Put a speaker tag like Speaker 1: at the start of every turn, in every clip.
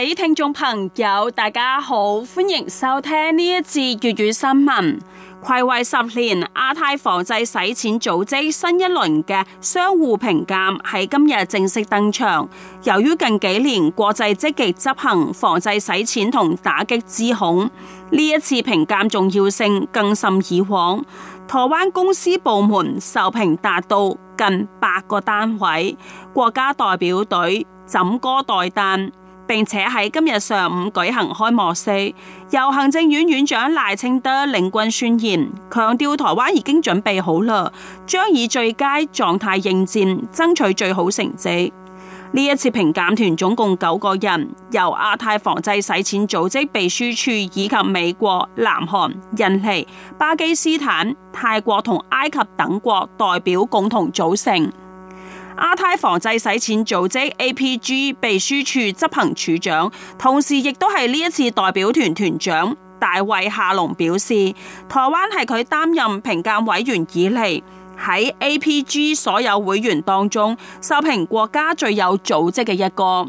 Speaker 1: 各位聽眾朋友，大家好，歡迎收聽呢一次粵語新聞。暌違十年，亞太防制洗錢組織新一輪嘅相互評鑑喺今日正式登場。由於近幾年國際積極，極執行防制洗錢同打擊資恐，呢一次評鑑重要性更甚以往。台灣公司部門受評達到近百個單位，國家代表隊枕戈待旦。並且喺今日上午舉行開幕式，由行政院院長賴清德領軍宣言，強調台灣已經準備好啦，將以最佳狀態應戰，爭取最好成績。呢一次評鑑團總共九個人，由亞太防制洗錢組織秘書處以及美國、南韓、印尼、巴基斯坦、泰國同埃及等國代表共同組成。亞太防制洗錢組織 APG 秘書處執行處長，同時亦都係呢一次代表團團長大衛夏龍表示，台灣係佢擔任評鑑委員以嚟喺 APG 所有會員當中受評國家最有組織嘅一個。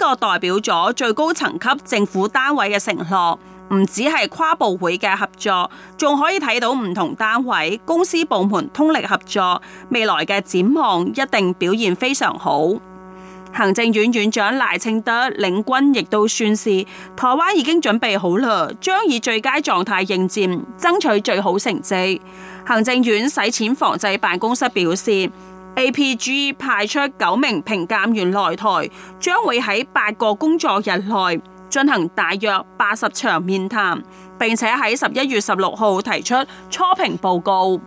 Speaker 1: 呢個代表咗最高層級政府單位嘅承諾，唔止係跨部會嘅合作，仲可以睇到唔同單位、公司部門通力合作，未來嘅展望一定表現非常好。行政院院長賴清德領軍宣示，亦都算是台灣已經準備好啦，將以最佳狀態應戰，爭取最好成績。行政院洗錢防制辦公室表示，APG 派出九名評鑑員來台，將會喺八個工作日內進行大約八十場面談，並且喺十一月十六號提出初評報告。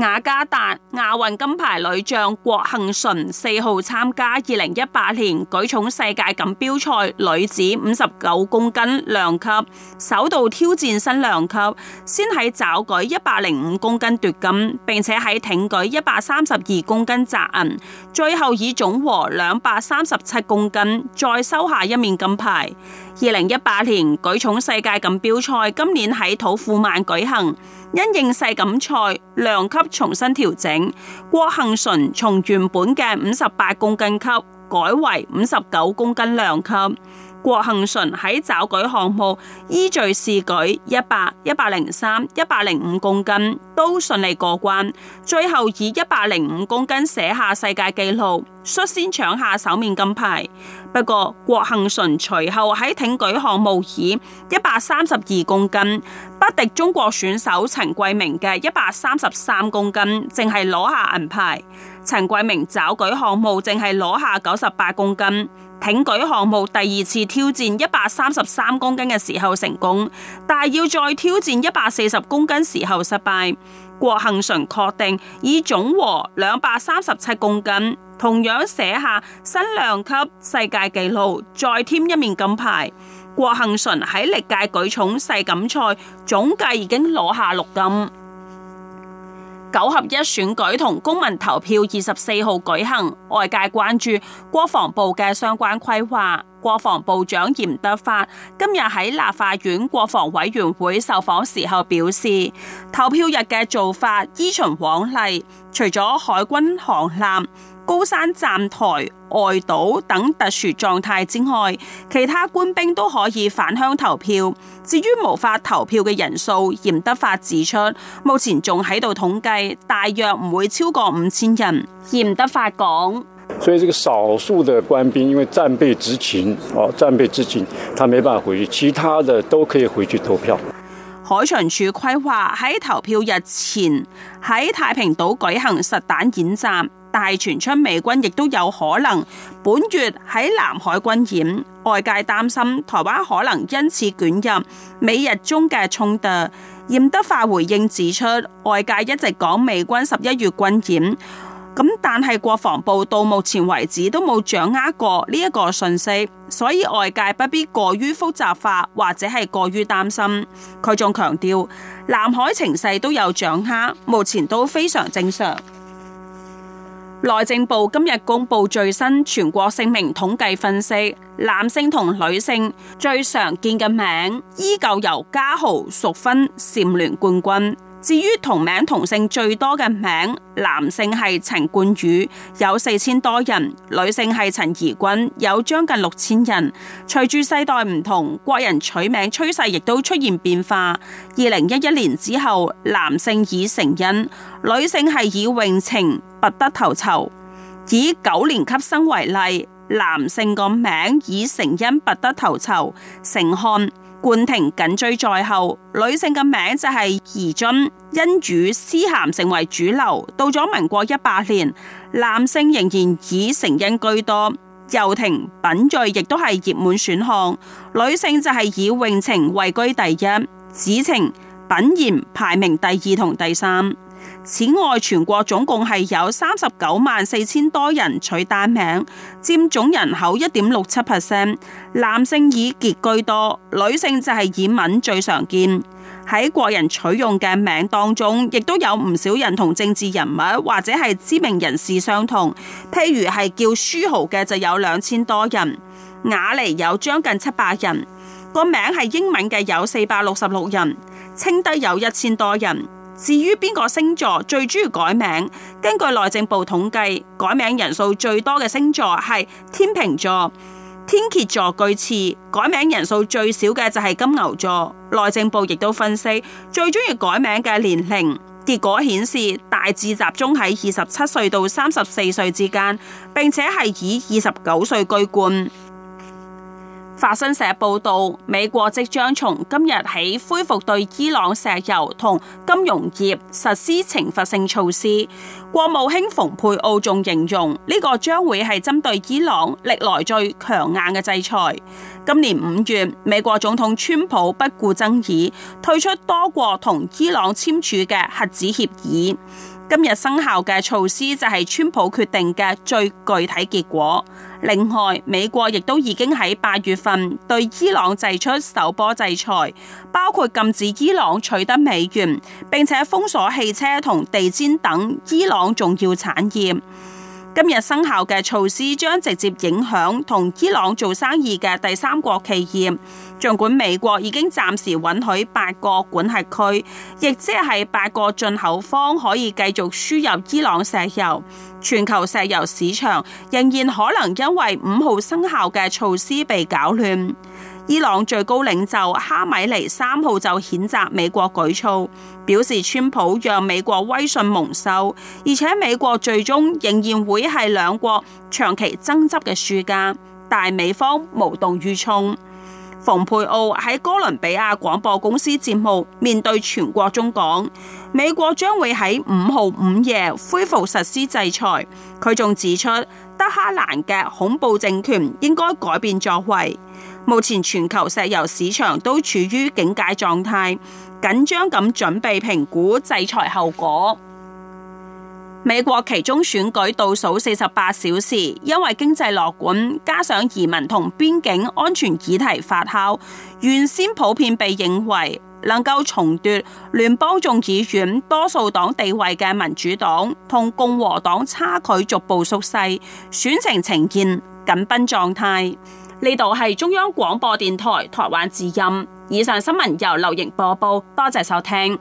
Speaker 1: 雅加達亞運金牌女將郭幸純四號參加二零一八年舉重世界錦標賽女子五十九公斤量級，首度挑戰新量級，先喺抓舉一百零五公斤奪金，並且喺挺舉一百三十二公斤摘銀，最後以總和兩百三十七公斤再收下一面金牌。二零一八年舉重世界錦標賽今年喺土庫曼舉行，因應世錦賽量級重新調整，郭幸純從原本嘅五十八公斤級改為五十九公斤量級。郭幸純喺抓舉項目依序試舉一百、一百零三、一百零五公斤，都順利過關，最後以一百零五公斤寫下世界紀錄，率先搶下首面金牌。不過郭幸純隨後喺挺舉項目以一百三十二公斤不敵中國選手陳桂明嘅一百三十三公斤，淨係攞下銀牌。陳桂明抓舉項目淨係攞下九十八公斤。挺舉項目第二次挑戰一百三十三公斤嘅時候成功，但要再挑戰一百四十公斤時候失敗。郭幸純確定以總和兩百三十七公斤同樣寫下新量級世界紀錄，再添一面金牌。郭幸純喺歷屆舉重世錦賽總計已經攞下六金。九合一選舉同公民投票二十四號舉行，外界關注國防部嘅相關規劃。國防部長嚴德發今日喺立法院國防委員會受訪時候表示，投票日嘅做法依循往例，除咗海軍航艦、高山站台、外島等特殊狀態之外，其他官兵都可以返鄉投票。至於無法投票嘅人數，嚴德發指出，目前仲喺度統計，大約唔會超過五千人。嚴德發講。所以，這個少數嘅官兵因為戰備執勤，哦，戰備執勤，他沒辦法回去，其他的都可以回去投票。海巡署規劃喺投票日前喺太平島舉行實彈演習，但係傳出美軍亦都有可能本月喺南海軍演，外界擔心台灣可能因此捲入美日中嘅衝突。嚴德發回應指出，外界一直講美軍十一月軍演。咁但係國防部到目前為止都冇掌握過呢一個訊息，所以外界不必過於複雜化或者係過於擔心。佢仲強調，南海情勢都有掌握，目前都非常正常。內政部今日公布最新全國姓名統計分析，男性同女性最常見嘅名依舊由家豪、淑芬蟬聯冠軍。至於同名同姓最多嘅名，男性係陳冠宇，有四千多人；女性係陳怡君，有將近六千人。隨住世代唔同，國人取名趨勢亦都出現變化。二零一一年之後，男性以成因，女性係以永情拔得頭籌。以九年級生為例。男性個名以承恩拔得頭籌，承翰、冠廷緊追在後；女性嘅名就係宜蓁、因主、思涵成為主流。到咗民國一百年，男性仍然以承恩居多，宥廷、品睿亦都係熱門選項；女性就係以詠晴位居第一，子晴、品妍排名第二同第三。此外，全國總共係有三十九萬四千多人取單名，佔總人口一點六七 percent。男性以傑居多，女性就係以文最常見。喺國人取用嘅名當中，亦都有唔少人同政治人物或者係知名人士相同。譬如係叫書豪嘅就有兩千多人，雅尼有將近七百人，個名係英文嘅有四百六十六人，清德有一千多人。至於邊個星座最中意改名？根據內政部統計，改名人數最多嘅星座係天秤座、天蠍座居次，改名人數最少嘅就係金牛座。內政部亦都分析最中意改名嘅年齡，結果顯示大致集中喺二十七歲到三十四歲之間，並且係以二十九歲居冠。法新社報道，美國即將從今日起恢復對伊朗石油同金融業實施懲罰性措施。國務卿蓬佩奧仲形容，呢個將會係針對伊朗歷來最強硬嘅制裁。今年五月，美國總統川普不顧爭議，退出多國同伊朗簽署嘅核子協議。今日生效嘅措施就係川普決定嘅最具體結果。另外，美國亦都已經喺八月份對伊朗祭出首波制裁，包括禁止伊朗取得美元，並且封鎖汽車同地氈等伊朗重要產業。今日生效嘅措施將直接影響同伊朗做生意嘅第三國企業。盡管美國已經暫時允許八個管轄區，亦即係八個進口方可以繼續輸入伊朗石油，全球石油市場仍然可能因為五號生效嘅措施被攪亂。伊朗最高領袖哈米尼三號就譴責美國舉措，表示川普讓美國威信蒙羞，而且美國最終仍然會係兩國長期爭執嘅輸家。但美方無動於衷。蓬佩奧喺哥倫比亞廣播公司節目面對全國中講，美國將會喺五號午夜恢復實施制裁。佢仲指出。德哈蘭嘅恐怖政權應該改變作為。目前全球石油市場都處於警戒狀態，緊張咁準備評估制裁後果。美國期中選舉倒數四十八小時，因為經濟樂觀，加上移民同邊境安全議題發酵，原先普遍被認為。能夠重奪聯邦眾議院多數黨地位嘅民主黨同共和黨差距逐步縮細，選情呈現緊繃狀態。呢度係中央廣播電台台灣之音，以上新聞由劉瑩播報，多謝收聽。